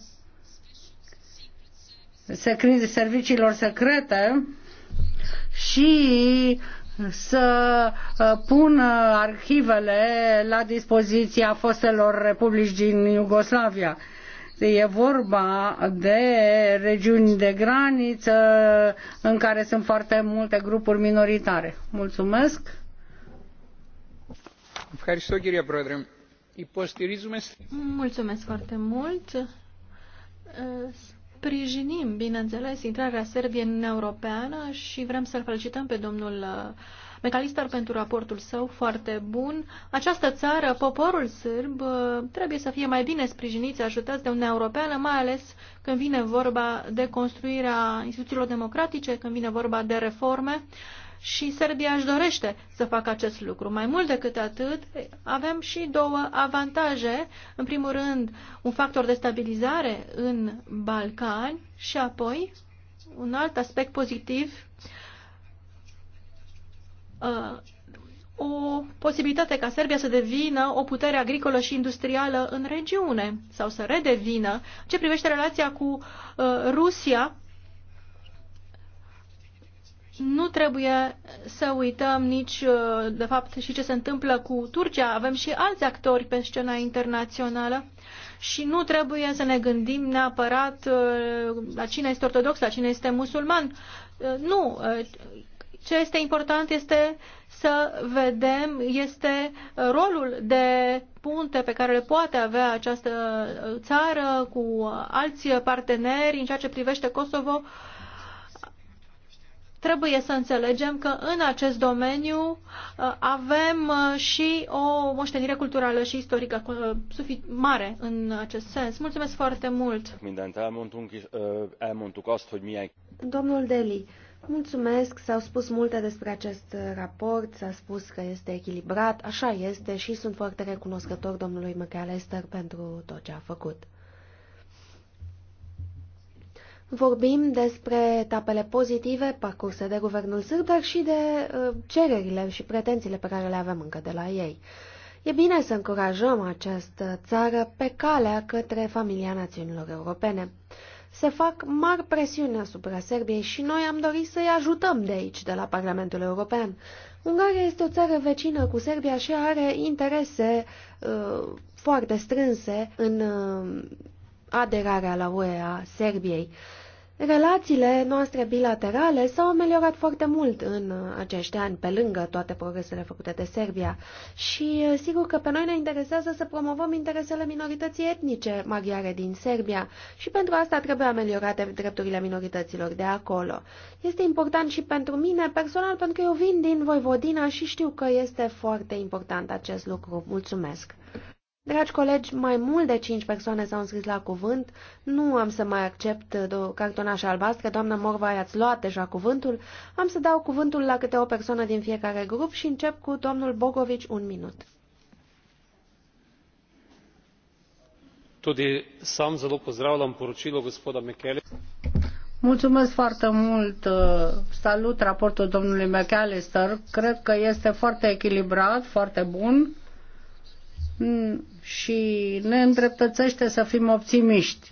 serviciilor secrete și să uh, pună uh, arhivele la dispoziția fostelor republici din Iugoslavia. E vorba de regiuni de graniță în care sunt foarte multe grupuri minoritare. Mulțumesc! Mulțumesc foarte mult! Sprijinim, bineînțeles, intrarea Serbiei în Europeană și vrem să-l felicităm pe domnul uh, Mecalistar pentru raportul său foarte bun. Această țară, poporul sârb, uh, trebuie să fie mai bine sprijiniți, ajutați de Uniunea Europeană, mai ales când vine vorba de construirea instituțiilor democratice, când vine vorba de reforme și Serbia își dorește să facă acest lucru. Mai mult decât atât, avem și două avantaje. În primul rând, un factor de stabilizare în Balcani și apoi un alt aspect pozitiv, uh, o posibilitate ca Serbia să devină o putere agricolă și industrială în regiune sau să redevină. Ce privește relația cu uh, Rusia, nu trebuie să uităm nici, uh, de fapt, și ce se întâmplă cu Turcia. Avem și alți actori pe scena internațională și nu trebuie să ne gândim neapărat uh, la cine este ortodox, la cine este musulman. Uh, nu. Ce este important este să vedem este rolul de punte pe care le poate avea această țară cu alți parteneri în ceea ce privește Kosovo trebuie să înțelegem că în acest domeniu uh, avem uh, și o moștenire culturală și istorică uh, mare în acest sens. Mulțumesc foarte mult! Domnul Deli, mulțumesc, s-au spus multe despre acest raport, s-a spus că este echilibrat, așa este și sunt foarte recunoscător domnului McAllister pentru tot ce a făcut. Vorbim despre etapele pozitive parcurse de guvernul sârb, dar și de uh, cererile și pretențiile pe care le avem încă de la ei. E bine să încurajăm această țară pe calea către familia națiunilor europene. Se fac mari presiuni asupra Serbiei și noi am dorit să-i ajutăm de aici, de la Parlamentul European. Ungaria este o țară vecină cu Serbia și are interese uh, foarte strânse în uh, aderarea la UE a Serbiei. Relațiile noastre bilaterale s-au ameliorat foarte mult în acești ani, pe lângă toate progresele făcute de Serbia. Și sigur că pe noi ne interesează să promovăm interesele minorității etnice maghiare din Serbia și pentru asta trebuie ameliorate drepturile minorităților de acolo. Este important și pentru mine personal pentru că eu vin din Voivodina și știu că este foarte important acest lucru. Mulțumesc! Dragi colegi, mai mult de cinci persoane s-au înscris la cuvânt. Nu am să mai accept cartonașa albastră. Doamna Morva, i-ați luat deja cuvântul. Am să dau cuvântul la câte o persoană din fiecare grup și încep cu domnul Bogovici un minut. Tudi sam zelo pozdravljam poročilo gospoda Mekele. Mulțumesc foarte mult. Uh, salut raportul domnului McAllister. Cred că este foarte echilibrat, foarte bun și ne îndreptățește să fim optimiști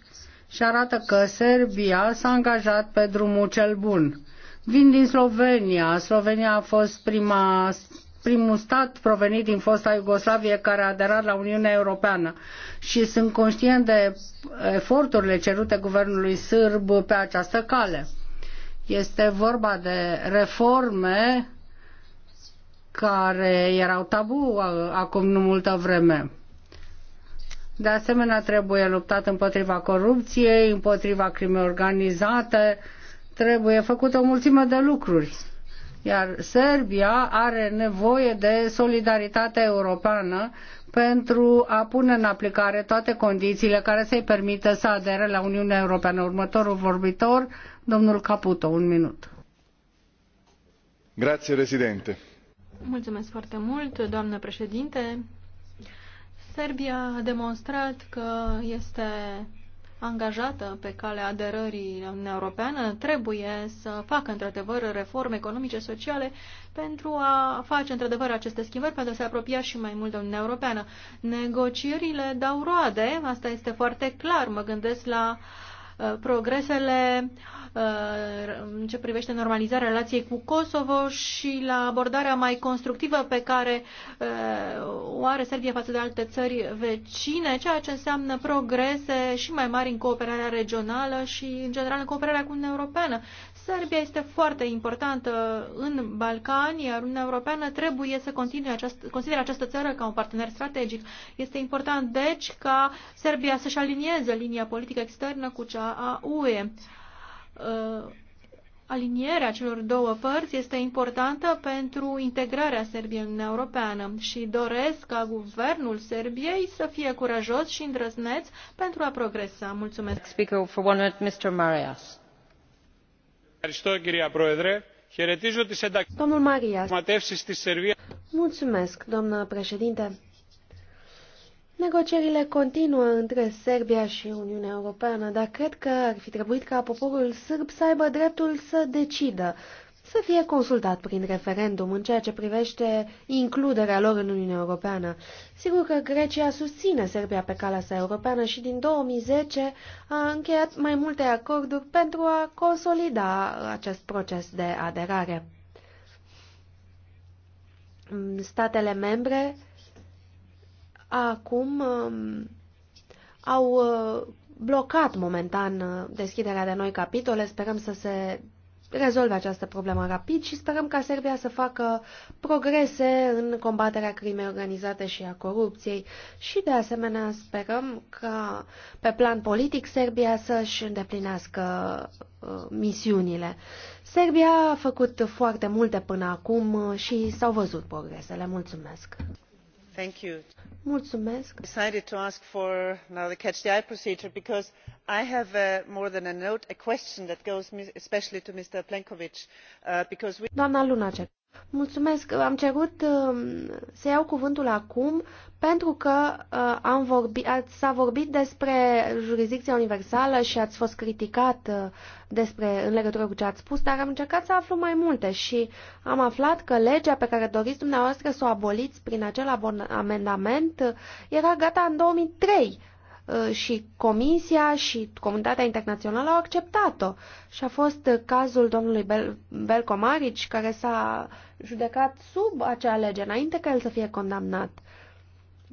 și arată că Serbia s-a angajat pe drumul cel bun. Vin din Slovenia. Slovenia a fost prima, primul stat provenit din fosta Iugoslavie care a aderat la Uniunea Europeană și sunt conștient de eforturile cerute guvernului sârb pe această cale. Este vorba de reforme care erau tabu acum nu multă vreme. De asemenea, trebuie luptat împotriva corupției, împotriva crimei organizate, trebuie făcută o mulțime de lucruri. Iar Serbia are nevoie de solidaritatea europeană pentru a pune în aplicare toate condițiile care să-i permită să adere la Uniunea Europeană. Următorul vorbitor, domnul Caputo, un minut. Mulțumesc foarte mult, doamnă președinte, Serbia a demonstrat că este angajată pe calea aderării la Uniunea Europeană, trebuie să facă într-adevăr reforme economice, sociale, pentru a face într-adevăr aceste schimbări, pentru a se apropia și mai mult de Uniunea Europeană. Negocierile dau roade, asta este foarte clar. Mă gândesc la uh, Uh, progresele uh, în ce privește normalizarea relației cu Kosovo și la abordarea mai constructivă pe care uh, o are Serbia față de alte țări vecine, ceea ce înseamnă progrese și mai mari în cooperarea regională și, în general, în cooperarea cu Uniunea Europeană. Serbia este foarte importantă în Balcani, iar Uniunea Europeană trebuie să continue această, consideră această țară ca un partener strategic. Este important, deci, ca Serbia să-și alinieze linia politică externă cu cea a UE. Uh, alinierea celor două părți este importantă pentru integrarea Serbiei în Uniunea Europeană și doresc ca guvernul Serbiei să fie curajos și îndrăzneț pentru a progresa. Mulțumesc. Speaker for one minute, Mr. Domnul Mulțumesc, doamnă președinte. Negocierile continuă între Serbia și Uniunea Europeană, dar cred că ar fi trebuit ca poporul sârb să aibă dreptul să decidă să fie consultat prin referendum în ceea ce privește includerea lor în Uniunea Europeană. Sigur că Grecia susține Serbia pe calea sa europeană și din 2010 a încheiat mai multe acorduri pentru a consolida acest proces de aderare. Statele membre acum um, au uh, blocat momentan uh, deschiderea de noi capitole, sperăm să se rezolve această problemă rapid și sperăm ca Serbia să facă progrese în combaterea crimei organizate și a corupției și de asemenea sperăm ca pe plan politic Serbia să-și îndeplinească uh, misiunile. Serbia a făcut foarte multe până acum uh, și s-au văzut progresele. Mulțumesc! Thank Decided to ask for now catch the eye procedure because I have uh, more than a note, a question that goes especially to Mr. Plenković uh, because we. Lunacek Mulțumesc. Am cerut uh, să iau cuvântul acum pentru că uh, am vorbit, s-a vorbit despre jurisdicția universală și ați fost criticat uh, despre, în legătură cu ce ați spus, dar am încercat să aflu mai multe și am aflat că legea pe care doriți dumneavoastră să o aboliți prin acel amendament uh, era gata în 2003 Uh, și Comisia și comunitatea internațională au acceptat-o. Și a fost cazul domnului Bel Belko Maric, care s-a judecat sub acea lege, înainte ca el să fie condamnat.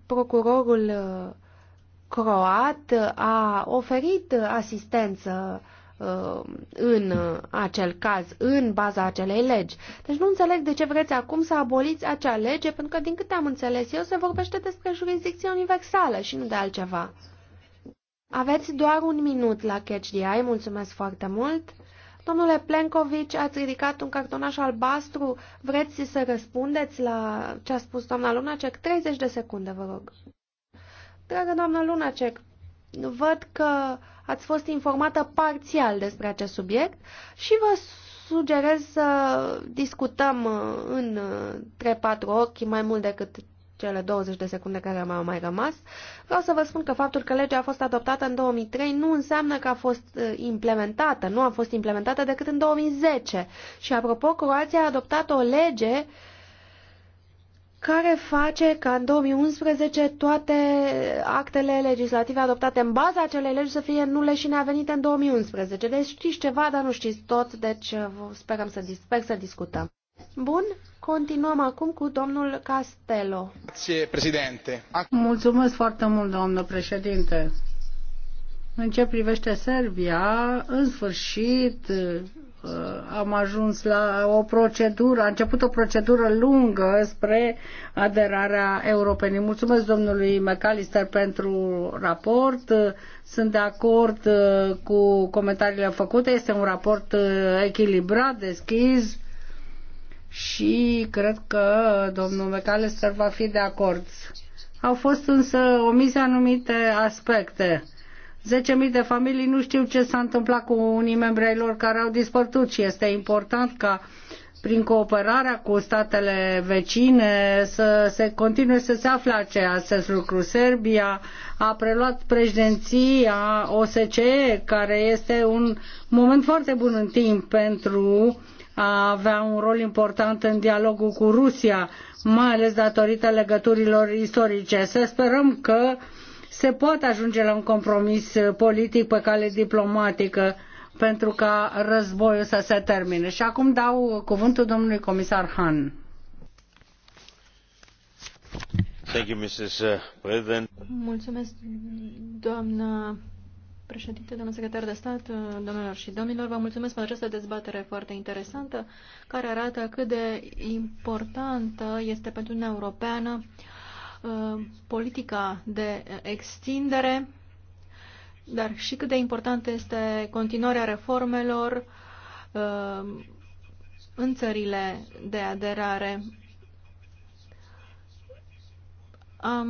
Procurorul uh, croat a oferit asistență uh, în acel caz, în baza acelei legi. Deci nu înțeleg de ce vreți acum să aboliți acea lege, pentru că, din câte am înțeles eu, se vorbește despre jurisdicție universală și nu de altceva. Aveți doar un minut la Catch the Eye, mulțumesc foarte mult. Domnule Plenkovici, ați ridicat un cartonaș albastru. Vreți să răspundeți la ce a spus doamna Lunacek? 30 de secunde, vă rog. Dragă doamnă Lunacek, văd că ați fost informată parțial despre acest subiect și vă sugerez să discutăm uh, în 3-4 ochi mai mult decât cele 20 de secunde care mi au mai rămas, vreau să vă spun că faptul că legea a fost adoptată în 2003 nu înseamnă că a fost uh, implementată, nu a fost implementată decât în 2010. Și apropo, Croația a adoptat o lege care face ca în 2011 toate actele legislative adoptate în baza acelei legi să fie nule și neavenite în 2011. Deci știți ceva, dar nu știți tot, deci uh, sperăm să, sper să discutăm. Bun, continuăm acum cu domnul Castello. Mulțumesc foarte mult, domnul președinte. În ce privește Serbia, în sfârșit uh, am ajuns la o procedură, a început o procedură lungă spre aderarea europenii. Mulțumesc domnului McAllister pentru raport. Sunt de acord uh, cu comentariile făcute. Este un raport uh, echilibrat, deschis și cred că domnul McAllister va fi de acord. Au fost însă omise anumite aspecte. 10.000 de familii nu știu ce s-a întâmplat cu unii membri ai lor care au dispărut și este important ca prin cooperarea cu statele vecine să se continue să se afle acest lucru. Serbia a preluat președinția OSCE, care este un moment foarte bun în timp pentru a avea un rol important în dialogul cu Rusia, mai ales datorită legăturilor istorice. Să sperăm că se poate ajunge la un compromis politic pe cale diplomatică pentru ca războiul să se termine. Și acum dau cuvântul domnului comisar Han. Mulțumesc, doamnă președinte, domnul secretar de stat, uh, domnilor și domnilor, vă mulțumesc pentru această dezbatere foarte interesantă, care arată cât de importantă este pentru Uniunea Europeană uh, politica de extindere, dar și cât de importantă este continuarea reformelor uh, în țările de aderare Am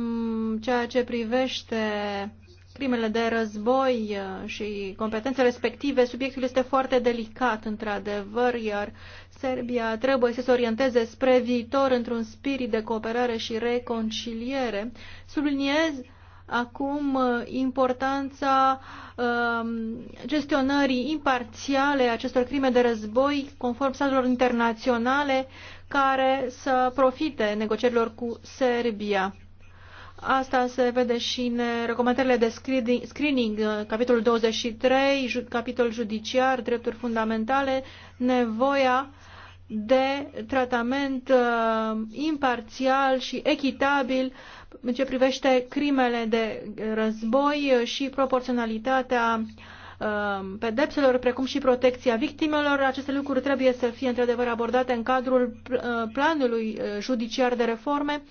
ceea ce privește crimele de război uh, și competențele respective, subiectul este foarte delicat, într-adevăr, iar Serbia trebuie să se orienteze spre viitor într-un spirit de cooperare și reconciliere. Subliniez acum uh, importanța um, gestionării imparțiale acestor crime de război conform statelor internaționale care să profite negocierilor cu Serbia. Asta se vede și în eh, recomandările de screening, eh, capitolul 23, capitolul judiciar, drepturi fundamentale, nevoia de tratament uh, imparțial și echitabil în ce privește crimele de război și proporționalitatea pedepselor, precum și protecția victimelor. Aceste lucruri trebuie să fie într-adevăr abordate în cadrul planului judiciar de reforme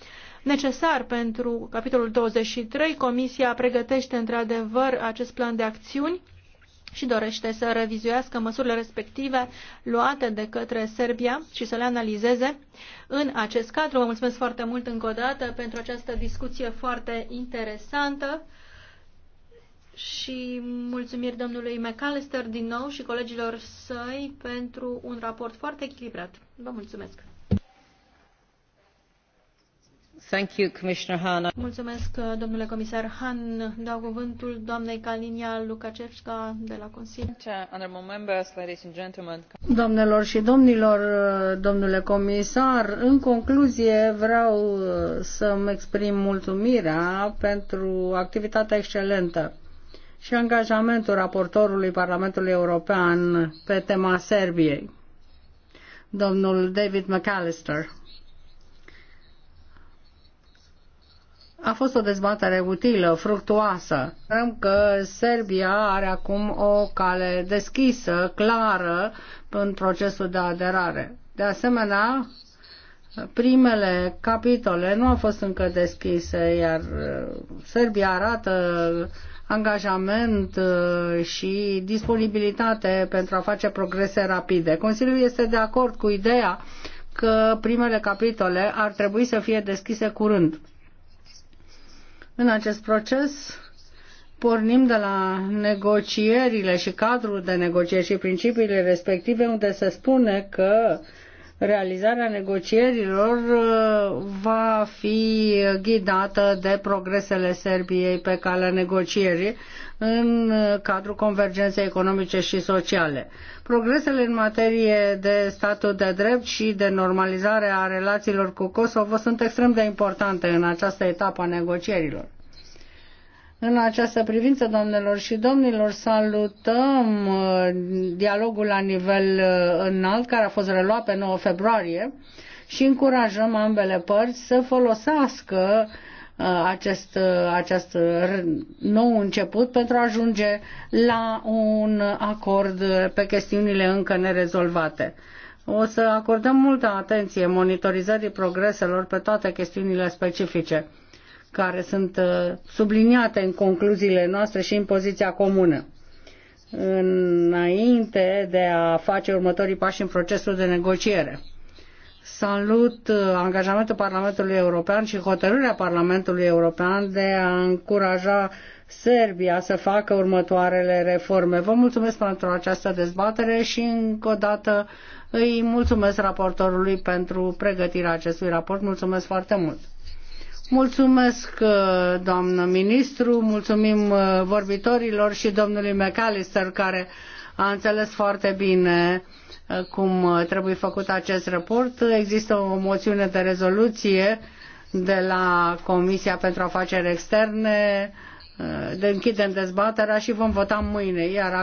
necesar pentru capitolul 23. Comisia pregătește într-adevăr acest plan de acțiuni și dorește să revizuiască măsurile respective luate de către Serbia și să le analizeze în acest cadru. Vă mulțumesc foarte mult încă o dată pentru această discuție foarte interesantă și mulțumiri domnului McAllister din nou și colegilor săi pentru un raport foarte echilibrat. Vă mulțumesc! Mulțumesc, domnule comisar hahn dau cuvântul doamnei kalnia lukaevica de la consiliu. doamnelor și domnilor domnule comisar în concluzie vreau uh, să îmi exprim mulțumirea pentru activitatea excelentă și angajamentul raportorului parlamentului european pe tema serbiei domnul david mcallister A fost o dezbatere utilă, fructuoasă. Sperăm că Serbia are acum o cale deschisă, clară, în procesul de aderare. De asemenea, primele capitole nu au fost încă deschise, iar uh, Serbia arată angajament uh, și disponibilitate pentru a face progrese rapide. Consiliul este de acord cu ideea că primele capitole ar trebui să fie deschise curând în acest proces pornim de la negocierile și cadrul de negocieri și principiile respective unde se spune că realizarea negocierilor uh, va fi ghidată de progresele Serbiei pe calea negocierii în uh, cadrul convergenței economice și sociale. Progresele în materie de statul de drept și de normalizare a relațiilor cu Kosovo sunt extrem de importante în această etapă a negocierilor. În această privință, domnilor și domnilor, salutăm uh, dialogul la nivel uh, înalt care a fost reluat pe 9 februarie și încurajăm ambele părți să folosească uh, acest, acest nou început pentru a ajunge la un acord pe chestiunile încă nerezolvate. O să acordăm multă atenție monitorizării progreselor pe toate chestiunile specifice care sunt uh, subliniate în concluziile noastre și în poziția comună. Înainte de a face următorii pași în procesul de negociere. Salut uh, angajamentul Parlamentului European și hotărârea Parlamentului European de a încuraja Serbia să facă următoarele reforme. Vă mulțumesc pentru această dezbatere și încă o dată îi mulțumesc raportorului pentru pregătirea acestui raport. Mulțumesc foarte mult! Mulțumesc, uh, doamnă ministru, mulțumim uh, vorbitorilor și domnului McAllister care a înțeles foarte bine uh, cum trebuie făcut acest raport. Există o moțiune de rezoluție de la Comisia pentru Afaceri Externe, de închidem dezbaterea și vom vota mâine. Iar